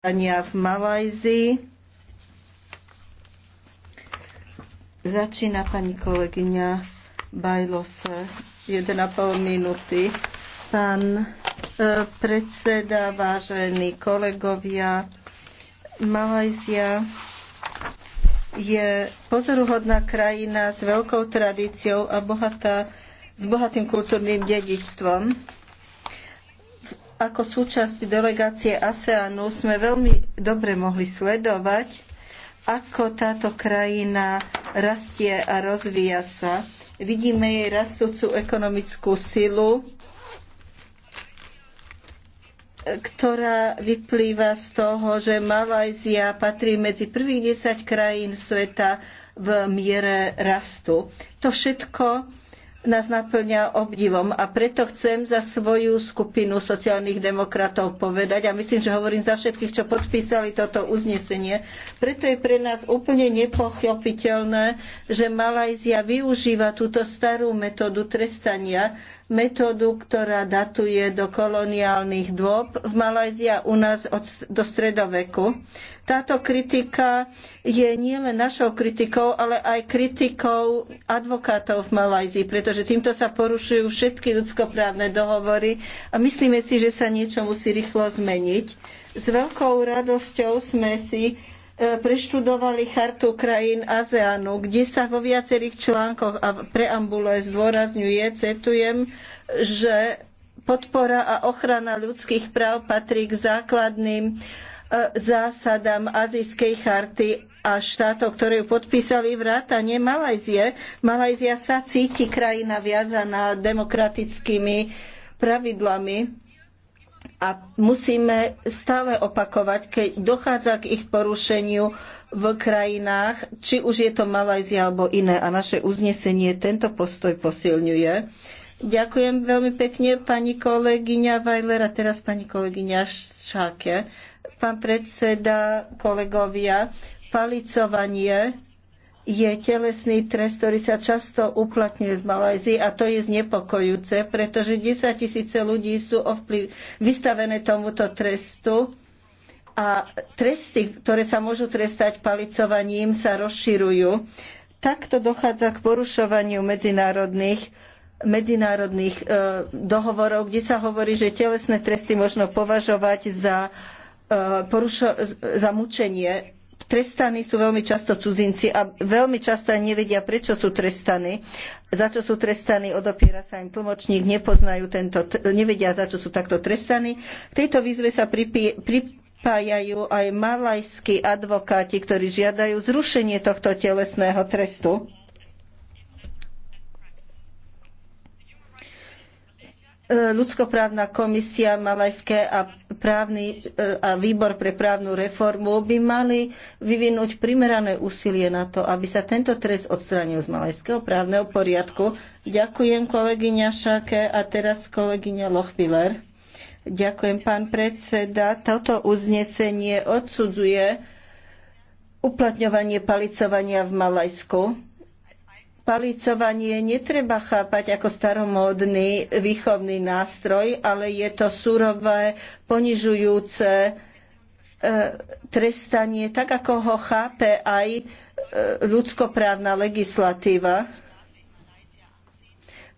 vzdelania v Malajzii. Začína pani kolegyňa Bajlose 1,5 minúty. Pán e, predseda, vážení kolegovia, Malajzia je pozoruhodná krajina s veľkou tradíciou a bohatá, s bohatým kultúrnym dedičstvom ako súčasť delegácie ASEANu sme veľmi dobre mohli sledovať, ako táto krajina rastie a rozvíja sa. Vidíme jej rastúcu ekonomickú silu, ktorá vyplýva z toho, že Malajzia patrí medzi prvých 10 krajín sveta v miere rastu. To všetko nás naplňa obdivom a preto chcem za svoju skupinu sociálnych demokratov povedať a myslím, že hovorím za všetkých, čo podpísali toto uznesenie. Preto je pre nás úplne nepochopiteľné, že Malajzia využíva túto starú metódu trestania metódu, ktorá datuje do koloniálnych dôb v Malajzii u nás od, do stredoveku. Táto kritika je nielen našou kritikou, ale aj kritikou advokátov v Malajzii, pretože týmto sa porušujú všetky ľudskoprávne dohovory a myslíme si, že sa niečo musí rýchlo zmeniť. S veľkou radosťou sme si E, preštudovali chartu krajín ASEANu, kde sa vo viacerých článkoch a preambule zdôrazňuje, cetujem, že podpora a ochrana ľudských práv patrí k základným e, zásadám azijskej charty a štátov, ktoré ju podpísali vrátane Malajzie. Malajzia sa cíti krajina viazaná demokratickými pravidlami a musíme stále opakovať, keď dochádza k ich porušeniu v krajinách, či už je to Malajzia alebo iné. A naše uznesenie tento postoj posilňuje. Ďakujem veľmi pekne, pani kolegyňa Weiler a teraz pani kolegyňa Šáke. Pán predseda, kolegovia, palicovanie je telesný trest, ktorý sa často uplatňuje v Malajzii a to je znepokojúce, pretože 10 tisíce ľudí sú ovplyv, vystavené tomuto trestu a tresty, ktoré sa môžu trestať palicovaním, sa rozširujú. Takto dochádza k porušovaniu medzinárodných medzinárodných e, dohovorov, kde sa hovorí, že telesné tresty možno považovať za, e, porušo- za mučenie Trestaní sú veľmi často cudzinci a veľmi často aj nevedia, prečo sú trestaní, za čo sú trestaní, odopiera sa im tlmočník, nepoznajú tento, nevedia, za čo sú takto trestaní. K tejto výzve sa pripájajú aj malajskí advokáti, ktorí žiadajú zrušenie tohto telesného trestu. E, ľudskoprávna komisia Malajské a, právny, e, a výbor pre právnu reformu by mali vyvinúť primerané úsilie na to, aby sa tento trest odstránil z malajského právneho poriadku. Ďakujem kolegyňa Šake a teraz kolegyňa Lochbiller. Ďakujem, pán predseda. Toto uznesenie odsudzuje uplatňovanie palicovania v Malajsku Palicovanie netreba chápať ako staromódny výchovný nástroj, ale je to surové, ponižujúce e, trestanie, tak ako ho chápe aj e, ľudskoprávna legislatíva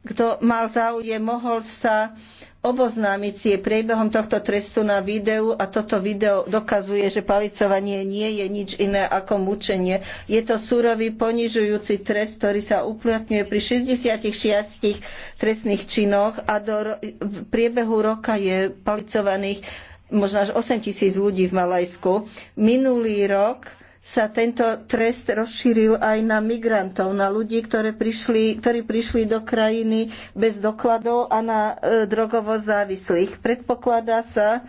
kto mal záujem, mohol sa oboznámiť si priebehom tohto trestu na videu a toto video dokazuje, že palicovanie nie je nič iné ako mučenie. Je to súrový ponižujúci trest, ktorý sa uplatňuje pri 66 trestných činoch a do priebehu roka je palicovaných možno až 8 tisíc ľudí v Malajsku. Minulý rok sa tento trest rozšíril aj na migrantov, na ľudí, ktoré prišli, ktorí prišli do krajiny bez dokladov a na e, drogovo závislých. Predpokladá sa,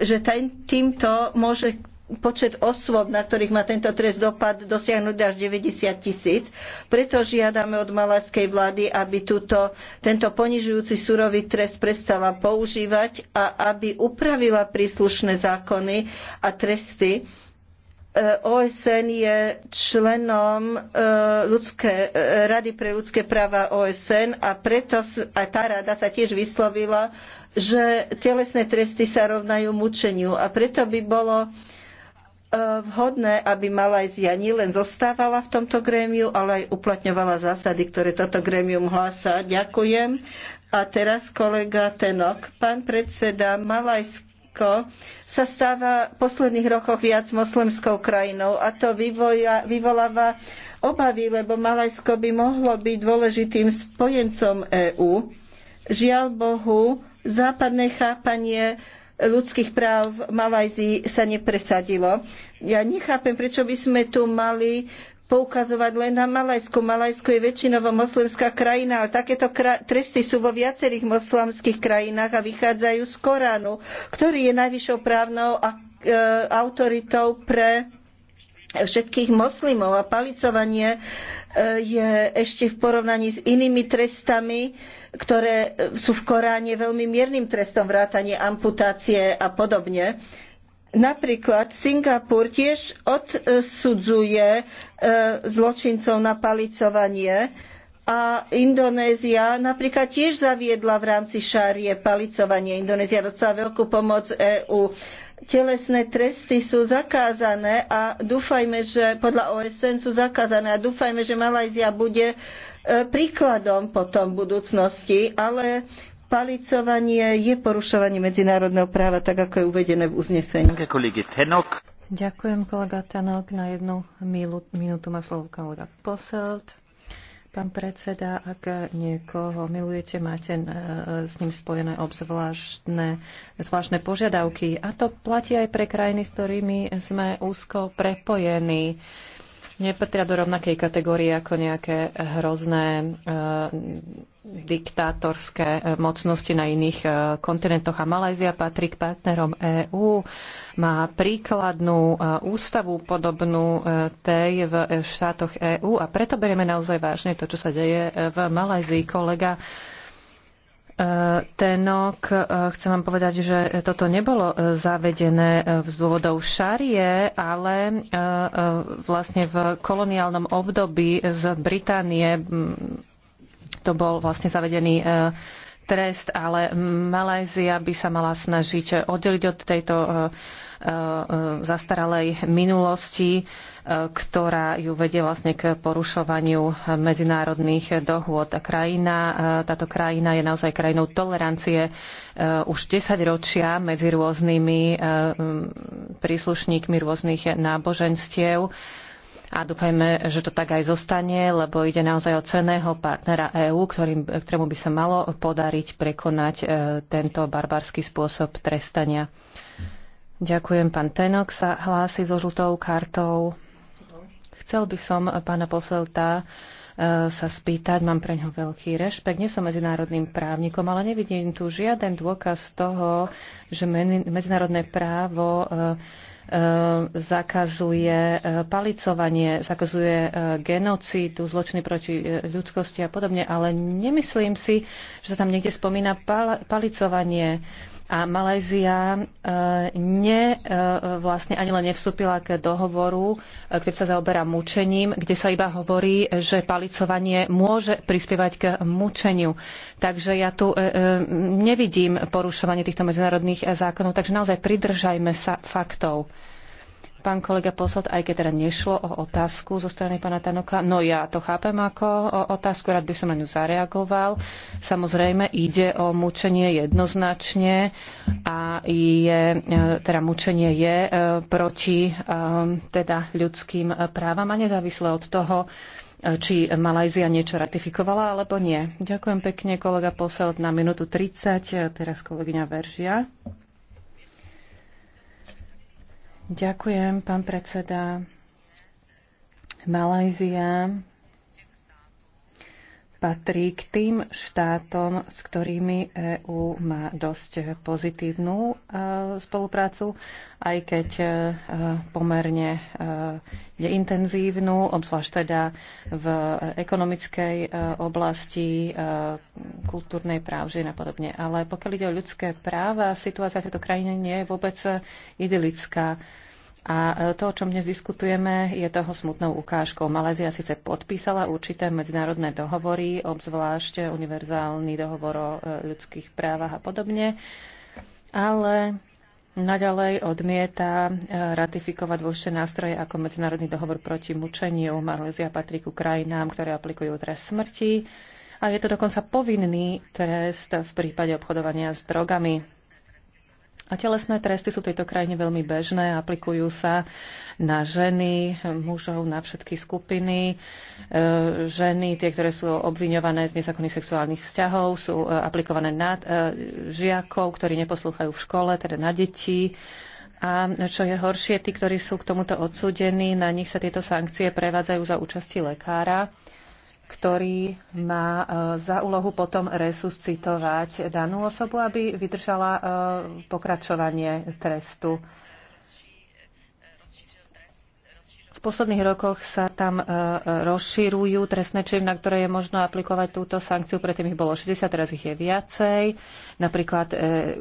že týmto môže počet osôb, na ktorých má tento trest dopad, dosiahnuť až 90 tisíc. Preto žiadame od malajskej vlády, aby túto, tento ponižujúci surový trest prestala používať a aby upravila príslušné zákony a tresty OSN je členom e, ľudské, e, Rady pre ľudské práva OSN a preto a tá rada sa tiež vyslovila, že telesné tresty sa rovnajú mučeniu a preto by bolo e, vhodné, aby Malajzia nielen zostávala v tomto grémiu, ale aj uplatňovala zásady, ktoré toto grémium hlása. Ďakujem. A teraz kolega Tenok. Pán predseda, Malajská Turecko sa stáva v posledných rokoch viac moslimskou krajinou a to vyvoja, vyvoláva obavy, lebo Malajsko by mohlo byť dôležitým spojencom EÚ. Žiaľ Bohu, západné chápanie ľudských práv v Malajzii sa nepresadilo. Ja nechápem, prečo by sme tu mali poukazovať len na Malajsku. Malajsko je väčšinovo moslimská krajina, ale takéto tresty sú vo viacerých moslimských krajinách a vychádzajú z Koránu, ktorý je najvyššou právnou e, autoritou pre všetkých moslimov a palicovanie e, je ešte v porovnaní s inými trestami, ktoré sú v Koráne veľmi miernym trestom vrátanie amputácie a podobne. Napríklad Singapur tiež odsudzuje e, zločincov na palicovanie a Indonézia napríklad tiež zaviedla v rámci šárie palicovanie. Indonézia dostala veľkú pomoc EÚ. Telesné tresty sú zakázané a dúfajme, že podľa OSN sú zakázané a dúfajme, že Malajzia bude e, príkladom potom v budúcnosti, ale palicovanie je porušovanie medzinárodného práva, tak ako je uvedené v uznesení. Ďakujem, kolega Tenok, Na jednu minútu má slovo kolega Poselt. Pán predseda, ak niekoho milujete, máte e, s ním spojené obzvláštne zvláštne požiadavky. A to platí aj pre krajiny, s ktorými sme úzko prepojení nepatria do rovnakej kategórie ako nejaké hrozné e, diktátorské e, mocnosti na iných e, kontinentoch a Malajzia patrí k partnerom EÚ. Má príkladnú e, ústavu podobnú tej v štátoch EÚ a preto berieme naozaj vážne to, čo sa deje v Malajzii. Kolega Tenok, chcem vám povedať, že toto nebolo zavedené z dôvodov šarie, ale vlastne v koloniálnom období z Británie to bol vlastne zavedený e, trest, ale Malézia by sa mala snažiť oddeliť od tejto e, e, zastaralej minulosti, ktorá ju vedie vlastne k porušovaniu medzinárodných dohôd. A krajina, táto krajina je naozaj krajinou tolerancie už 10 ročia medzi rôznymi príslušníkmi rôznych náboženstiev a dúfajme, že to tak aj zostane, lebo ide naozaj o ceného partnera EÚ, ktorému by sa malo podariť prekonať e, tento barbarský spôsob trestania. Ďakujem. Pán Tenok sa hlási so žltou kartou. Chcel by som pána poselta e, sa spýtať, mám pre ňo veľký rešpekt, nie som medzinárodným právnikom, ale nevidím tu žiaden dôkaz toho, že medzinárodné právo e, E, zakazuje e, palicovanie, zakazuje e, genocídu, zločiny proti ľudskosti a podobne, ale nemyslím si, že sa tam niekde spomína palicovanie a Malézia eh, ne, eh, vlastne ani len nevstúpila k dohovoru, eh, ktorý sa zaoberá mučením, kde sa iba hovorí, že palicovanie môže prispievať k mučeniu. Takže ja tu nevidím porušovanie týchto medzinárodných zákonov, takže naozaj pridržajme sa faktov pán kolega Posled, aj keď teda nešlo o otázku zo strany pána Tanoka, no ja to chápem ako otázku, rád by som na ňu zareagoval. Samozrejme, ide o mučenie jednoznačne a je, e, teda mučenie je e, proti e, teda ľudským právam a nezávisle od toho, či Malajzia niečo ratifikovala alebo nie. Ďakujem pekne, kolega Poselt, na minútu 30. Teraz kolegyňa Veržia. Ďakujem, pán predseda. Malajzia patrí k tým štátom, s ktorými EÚ má dosť pozitívnu e, spoluprácu, aj keď e, pomerne e, je intenzívnu, obzvlášť teda v ekonomickej oblasti, kultúrnej právži a podobne. Ale pokiaľ ide o ľudské práva, situácia v tejto krajine nie je vôbec idylická a e, to, o čom dnes diskutujeme, je toho smutnou ukážkou. Malézia síce podpísala určité medzinárodné dohovory, obzvlášť univerzálny dohovor o e, ľudských právach a podobne, ale naďalej odmieta e, ratifikovať dôležité nástroje ako Medzinárodný dohovor proti mučeniu. Malézia patrí ku krajinám, ktoré aplikujú trest smrti a je to dokonca povinný trest v prípade obchodovania s drogami. A telesné tresty sú v tejto krajine veľmi bežné, aplikujú sa na ženy, mužov, na všetky skupiny. E, ženy, tie, ktoré sú obviňované z nezákonných sexuálnych vzťahov, sú e, aplikované na e, žiakov, ktorí neposlúchajú v škole, teda na deti. A čo je horšie, tí, ktorí sú k tomuto odsudení, na nich sa tieto sankcie prevádzajú za účasti lekára ktorý má e, za úlohu potom resuscitovať danú osobu, aby vydržala e, pokračovanie trestu. posledných rokoch sa tam e, e, rozširujú trestné činy, na ktoré je možno aplikovať túto sankciu. Predtým ich bolo 60, teraz ich je viacej. Napríklad e,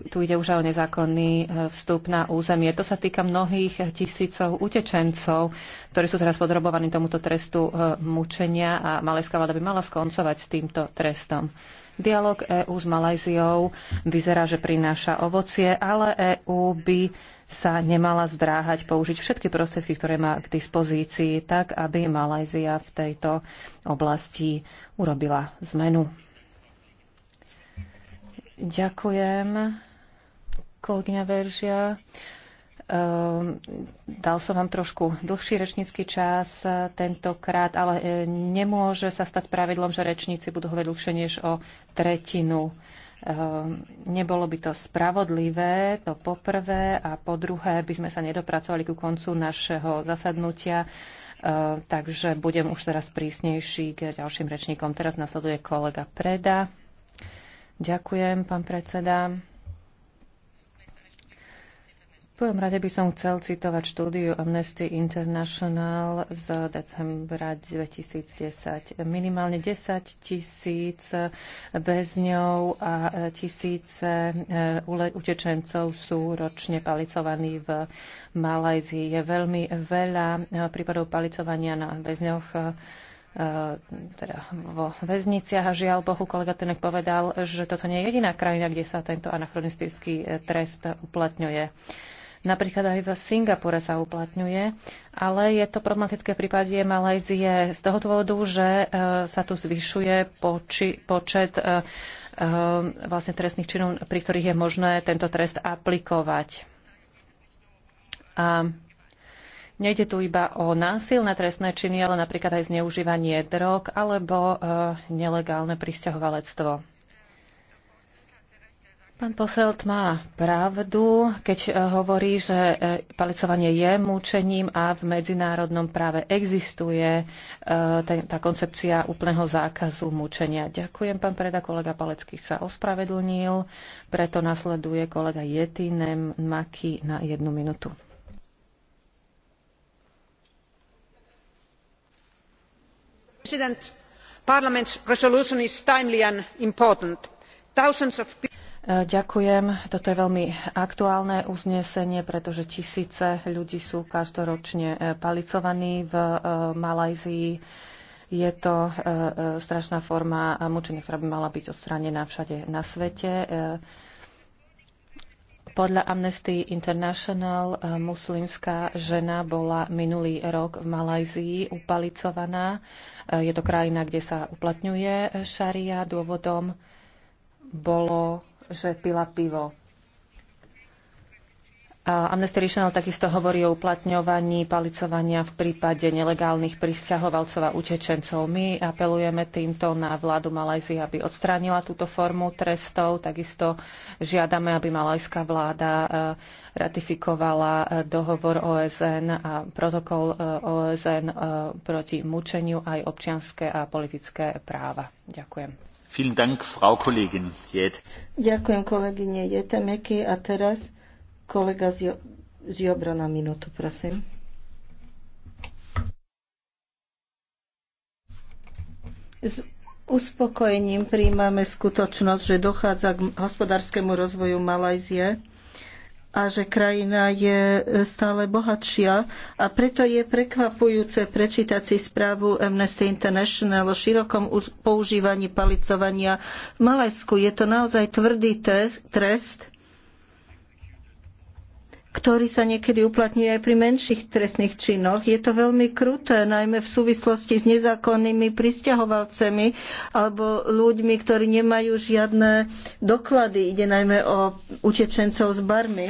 tu ide už o nezákonný vstup na územie. To sa týka mnohých tisícov utečencov, ktorí sú teraz podrobovaní tomuto trestu mučenia a malejská vláda by mala skoncovať s týmto trestom. Dialóg EÚ s Malajziou vyzerá, že prináša ovocie, ale EÚ by sa nemala zdráhať použiť všetky prostriedky, ktoré má k dispozícii, tak aby Malajzia v tejto oblasti urobila zmenu. Ďakujem, kolegyňa Veržia. Ehm, dal som vám trošku dlhší rečnícky čas tentokrát, ale e, nemôže sa stať pravidlom, že rečníci budú hovoriť dlhšie než o tretinu Ehm, nebolo by to spravodlivé, to poprvé, a po druhé by sme sa nedopracovali ku koncu našeho zasadnutia, ehm, takže budem už teraz prísnejší k ďalším rečníkom. Teraz nasleduje kolega Preda. Ďakujem, pán predseda prvom rade by som chcel citovať štúdiu Amnesty International z decembra 2010. Minimálne 10 tisíc väzňov a tisíce eh, utečencov sú ročne palicovaní v Malajzii. Je veľmi veľa eh, prípadov palicovania na väzňoch eh, teda vo väzniciach. A žiaľ Bohu, kolega Tenek povedal, že toto nie je jediná krajina, kde sa tento anachronistický trest uplatňuje. Napríklad aj v Singapure sa uplatňuje, ale je to problematické v prípade Malajzie z toho dôvodu, že e, sa tu zvyšuje poči, počet e, e, vlastne trestných činov, pri ktorých je možné tento trest aplikovať. A Nejde tu iba o násilné trestné činy, ale napríklad aj zneužívanie drog alebo nelegálne pristahovalectvo. Pán Poselt má pravdu, keď e, hovorí, že e, palicovanie je mučením a v medzinárodnom práve existuje e, tá koncepcia úplného zákazu mučenia. Ďakujem, pán preda, kolega Palecký sa ospravedlnil, preto nasleduje kolega Jetinem Maki na jednu minútu. Parliament's resolution is timely and important. Thousands of people E, ďakujem. Toto je veľmi aktuálne uznesenie, pretože tisíce ľudí sú každoročne e, palicovaní v e, Malajzii. Je to strašná forma mučenia, ktorá by mala byť odstranená všade na svete. Podľa Amnesty International muslimská žena bola minulý rok v Malajzii upalicovaná. Je to krajina, kde sa uplatňuje šaria. Dôvodom bolo že pila pivo. A Amnesty International takisto hovorí o uplatňovaní palicovania v prípade nelegálnych pristahovalcov a utečencov. My apelujeme týmto na vládu Malajzie, aby odstránila túto formu trestov. Takisto žiadame, aby malajská vláda e, ratifikovala e, dohovor OSN a protokol e, OSN proti mučeniu aj občianské a politické práva. Ďakujem. Dank, Frau Kollegin. Ďakujem kolegyne Jetemeky a teraz kolega z Jobra na minútu, prosím. S uspokojením príjmame skutočnosť, že dochádza k hospodárskému rozvoju Malajzie a že krajina je e, stále bohatšia a preto je prekvapujúce prečítať si správu Amnesty International o širokom používaní palicovania v Malajsku. Je to naozaj tvrdý trest ktorý sa niekedy uplatňuje aj pri menších trestných činoch. Je to veľmi kruté, najmä v súvislosti s nezákonnými pristahovalcami alebo ľuďmi, ktorí nemajú žiadne doklady. Ide najmä o utečencov z Barmy.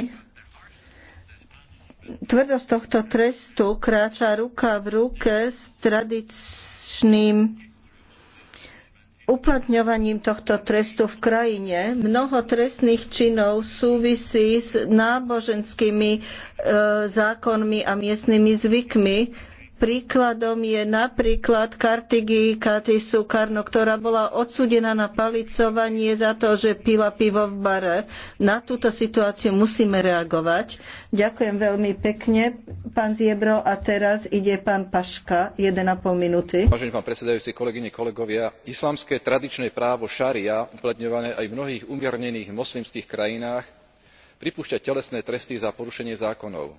Tvrdosť tohto trestu kráča ruka v ruke s tradičným uplatňovaním tohto trestu v krajine. Mnoho trestných činov súvisí s náboženskými e, zákonmi a miestnymi zvykmi Príkladom je napríklad Kartigi Katisu Karno, ktorá bola odsúdená na palicovanie za to, že pila pivo v bare. Na túto situáciu musíme reagovať. Ďakujem veľmi pekne, pán Ziebro. A teraz ide pán Paška, 1,5 minúty. Vážený pán predsedajúci, kolegyne, kolegovia, islamské tradičné právo šaria, uplatňované aj v mnohých umiernených moslimských krajinách, pripúšťa telesné tresty za porušenie zákonov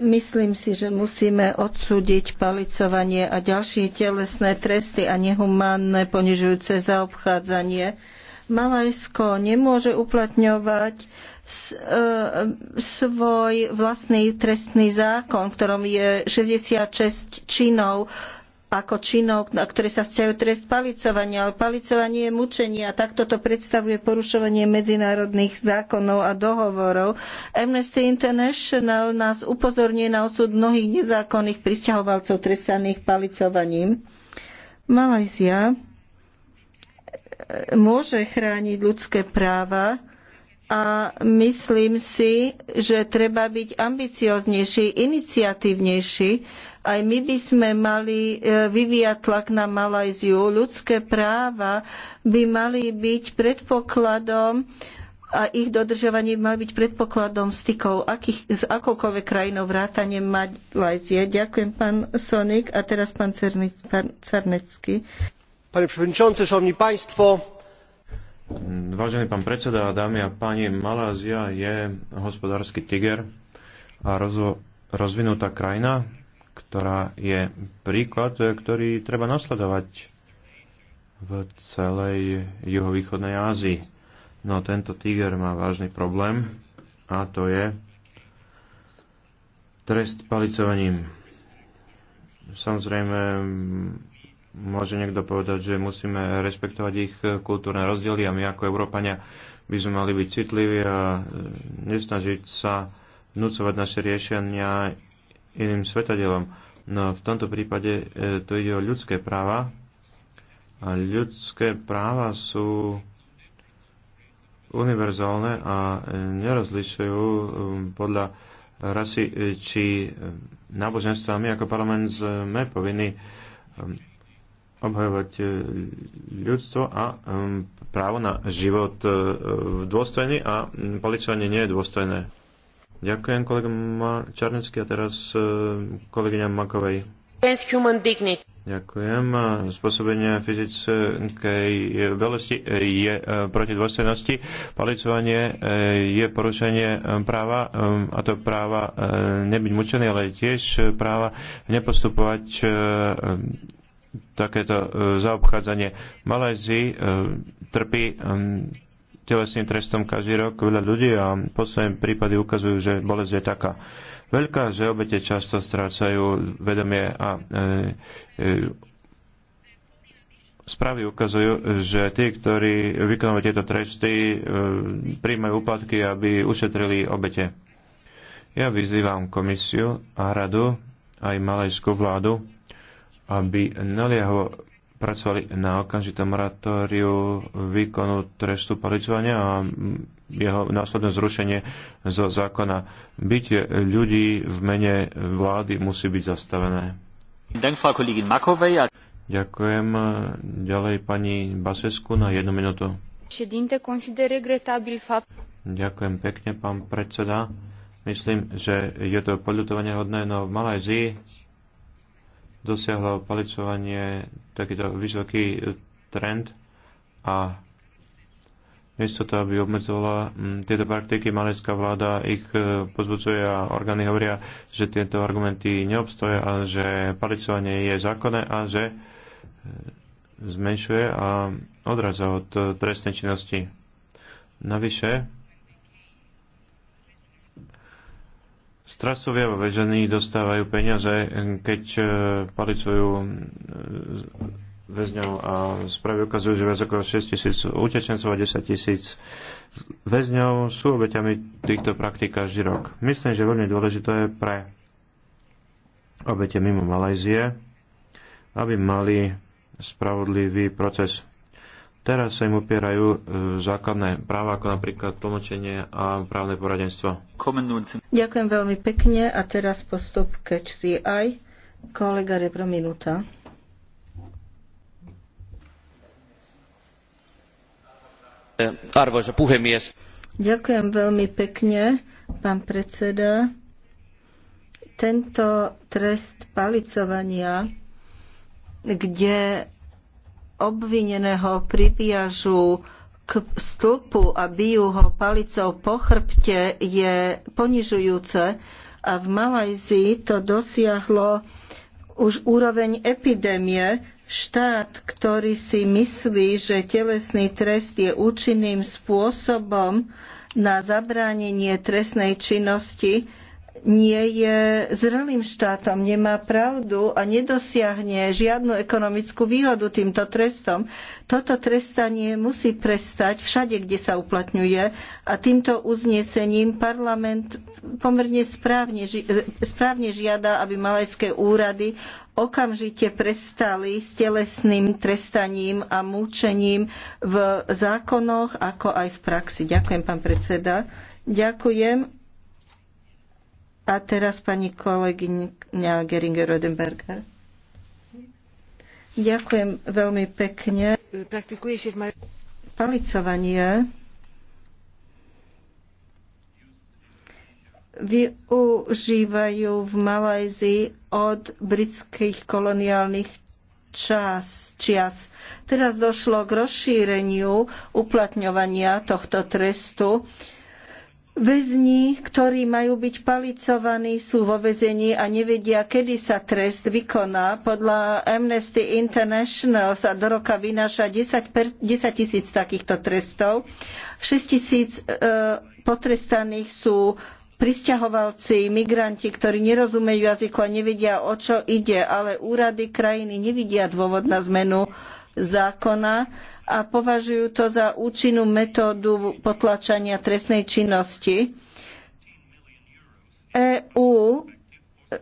Myslím si, že musíme odsúdiť palicovanie a ďalšie telesné tresty a nehumánne ponižujúce zaobchádzanie. Malajsko nemôže uplatňovať e, svoj vlastný trestný zákon, v ktorom je 66 činov ako činov, na ktoré sa vzťahujú trest palicovania, ale palicovanie je mučenie a takto to predstavuje porušovanie medzinárodných zákonov a dohovorov. Amnesty International nás upozorňuje na osud mnohých nezákonných pristahovalcov trestaných palicovaním. Malajzia e, môže chrániť ľudské práva, a myslím si, že treba byť ambicioznejší, iniciatívnejší aj my by sme mali e, vyvíjať tlak na Malajziu. Ľudské práva by mali byť predpokladom a ich dodržovanie mal byť predpokladom stykov akých, s akoukoľvek krajinou vrátane Malajzie. Ďakujem, pán Sonik. A teraz pán, Cerny, pán Carnecký. Pane predsedajúci, šanovní państwo. Vážený pán predseda, dámy a páni, Malázia je hospodársky tiger a rozvinutá krajina, ktorá je príklad, ktorý treba nasledovať v celej juhovýchodnej Ázii. No tento tiger má vážny problém a to je trest palicovaním. Samozrejme, môže niekto povedať, že musíme rešpektovať ich kultúrne rozdiely a my ako Európania by sme mali byť citliví a nesnažiť sa vnúcovať naše riešenia iným svetadelom. No v tomto prípade e, tu ide o ľudské práva a ľudské práva sú univerzálne a e, nerozlišujú e, podľa rasy e, či náboženstva. My ako parlament sme povinni obhajovať ľudstvo a právo na život v dôstojný a poličovanie nie je dôstojné. Ďakujem kolega Čarnecký a teraz e, kolegyňa Makovej. Ďakujem. Spôsobenie fyzickej veľosti e, je e, proti dôstojnosti. Palicovanie je porušenie práva, a to práva nebyť mučený, ale tiež práva nepostupovať takéto zaobchádzanie. Malézii trpí telesným trestom každý rok veľa ľudí a posledné prípady ukazujú, že bolesť je taká veľká, že obete často strácajú vedomie a e, e, správy ukazujú, že tí, ktorí vykonávajú tieto tresty, e, príjmajú úpadky, aby ušetrili obete. Ja vyzývam komisiu a radu, aj malajskú vládu, aby naliehavo pracovali na okamžitom moratóriu výkonu trestu policovania a jeho následné zrušenie zo zákona. Byť ľudí v mene vlády musí byť zastavené. Ďakujem. Ďalej pani Basesku na jednu minútu. Ďakujem pekne, pán predseda. Myslím, že je to poľutovanie hodné, no v Malajzii dosiahlo palicovanie takýto vysoký trend a miesto toho, aby obmedzovala mm, tieto praktiky, malecká vláda ich e, pozbudzuje a orgány hovoria, že tieto argumenty neobstoja a že palicovanie je zákonné a že e, zmenšuje a odradza od trestnej činnosti. Navyše, Strasovia vo väžení dostávajú peniaze, keď e, palicujú e, väzňov a správy ukazujú, že viac ako 6 tisíc utečencov a 10 tisíc väzňov sú obeťami týchto praktík každý rok. Myslím, že veľmi dôležité je pre obete mimo Malajzie, aby mali spravodlivý proces Teraz sa im upierajú e, základné práva, ako napríklad tlmočenie a právne poradenstvo. Ďakujem veľmi pekne a teraz postup Catch the Eye. Kolega Rebro Minuta. E, arvoisa puhemies. Ďakujem veľmi pekne, pán predseda. Tento trest palicovania, kde obvineného priviažu k stĺpu a bijú ho palicou po chrbte je ponižujúce a v Malajzii to dosiahlo už úroveň epidémie. Štát, ktorý si myslí, že telesný trest je účinným spôsobom na zabránenie trestnej činnosti, nie je zrelým štátom, nemá pravdu a nedosiahne žiadnu ekonomickú výhodu týmto trestom. Toto trestanie musí prestať všade, kde sa uplatňuje a týmto uznesením parlament pomerne správne, správne žiada, aby malajské úrady okamžite prestali s telesným trestaním a múčením v zákonoch, ako aj v praxi. Ďakujem, pán predseda. Ďakujem. A teraz pani kolegyňa Geringer-Rodenberger. Ďakujem veľmi pekne. Palicovanie využívajú v Malajzii od britských koloniálnych čas, čias. Teraz došlo k rozšíreniu uplatňovania tohto trestu Väzni, ktorí majú byť palicovaní, sú vo väzení a nevedia, kedy sa trest vykoná. Podľa Amnesty International sa do roka vynáša 10, tisíc takýchto trestov. 6 tisíc e, potrestaných sú prisťahovalci, migranti, ktorí nerozumejú jazyku a nevedia, o čo ide, ale úrady krajiny nevidia dôvod na zmenu zákona a považujú to za účinnú metódu potlačania trestnej činnosti. EÚ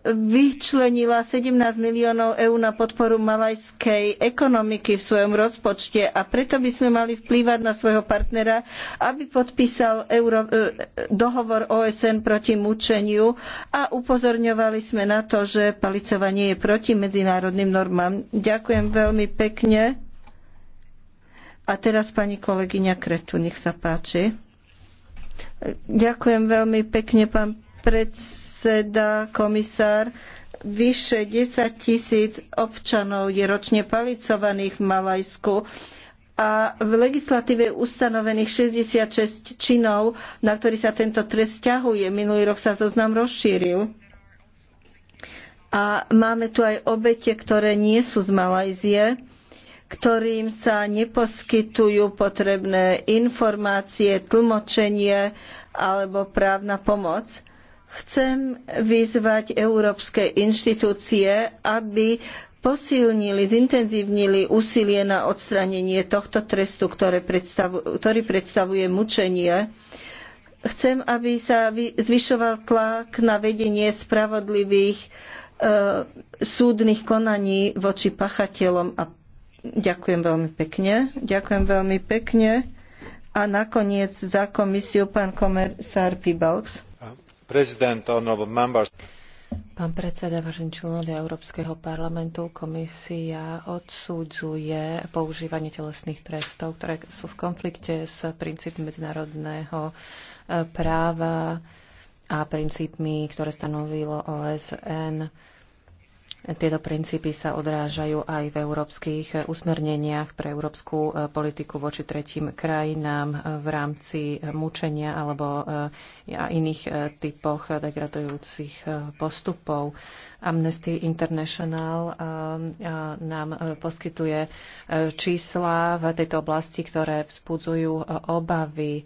vyčlenila 17 miliónov eur na podporu malajskej ekonomiky v svojom rozpočte a preto by sme mali vplývať na svojho partnera, aby podpísal Euro, e, dohovor OSN proti mučeniu a upozorňovali sme na to, že palicovanie je proti medzinárodným normám. Ďakujem veľmi pekne. A teraz pani kolegyňa Kretu, nech sa páči. Ďakujem veľmi pekne, pán predseda, komisár. Vyše 10 tisíc občanov je ročne palicovaných v Malajsku a v legislatíve je ustanovených 66 činov, na ktorý sa tento trest ťahuje. Minulý rok sa zoznam rozšíril. A máme tu aj obete, ktoré nie sú z Malajzie ktorým sa neposkytujú potrebné informácie, tlmočenie alebo právna pomoc. Chcem vyzvať európske inštitúcie, aby posilnili, zintenzívnili úsilie na odstranenie tohto trestu, predstavu, ktorý predstavuje mučenie. Chcem, aby sa zvyšoval tlak na vedenie spravodlivých e, súdnych konaní voči pachateľom a Ďakujem veľmi pekne. Ďakujem veľmi pekne. A nakoniec za komisiu pán komisár Pibalks. Pán predseda, vážení členovia Európskeho parlamentu, komisia odsudzuje používanie telesných trestov, ktoré sú v konflikte s princípmi medzinárodného eh, práva a princípmi, ktoré stanovilo OSN tieto princípy sa odrážajú aj v európskych usmerneniach pre európsku e, politiku voči tretím krajinám e, v rámci e, mučenia alebo iných typoch degradujúcich postupov. Amnesty International nám poskytuje čísla v tejto oblasti, ktoré vzbudzujú obavy.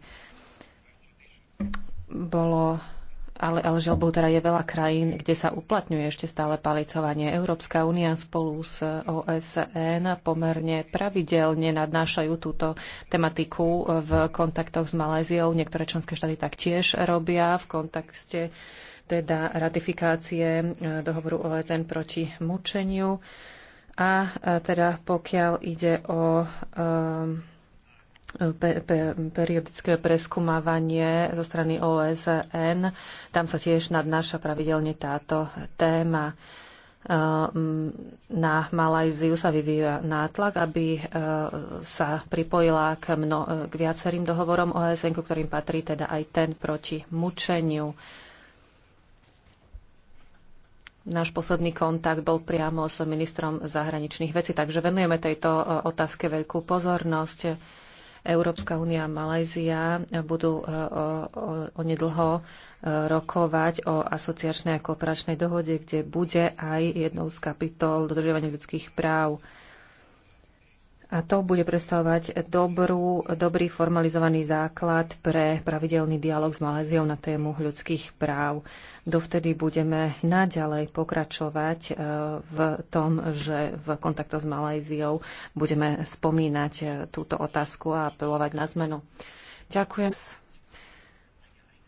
Bolo ale, ale žiaľ Bohu, teda je veľa krajín, kde sa uplatňuje ešte stále palicovanie. Európska únia spolu s OSN pomerne pravidelne nadnášajú túto tematiku v kontaktoch s Maléziou. Niektoré členské štáty tak tiež robia v kontakte teda ratifikácie e, dohovoru OSN proti mučeniu. A e, teda pokiaľ ide o um, periodické preskumávanie zo strany OSN. Tam sa tiež nadnáša pravidelne táto téma. E, na Malajziu sa vyvíja nátlak, aby e, sa pripojila k, mno, e, k viacerým dohovorom OSN, ku ktorým patrí teda aj ten proti mučeniu. Náš posledný kontakt bol priamo s ministrom zahraničných vecí, takže venujeme tejto otázke veľkú pozornosť Európska únia a Malajzia budú e, onedlho e, rokovať o asociačnej a kooperačnej dohode, kde bude aj jednou z kapitol dodržiavania ľudských práv. A to bude predstavovať dobrú, dobrý formalizovaný základ pre pravidelný dialog s Maléziou na tému ľudských práv. Dovtedy budeme naďalej pokračovať e, v tom, že v kontakto s Maléziou budeme spomínať e, túto otázku a apelovať na zmenu. Ďakujem.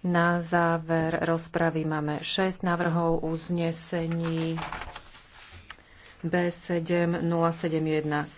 Na záver rozpravy máme 6 návrhov uznesení b 7071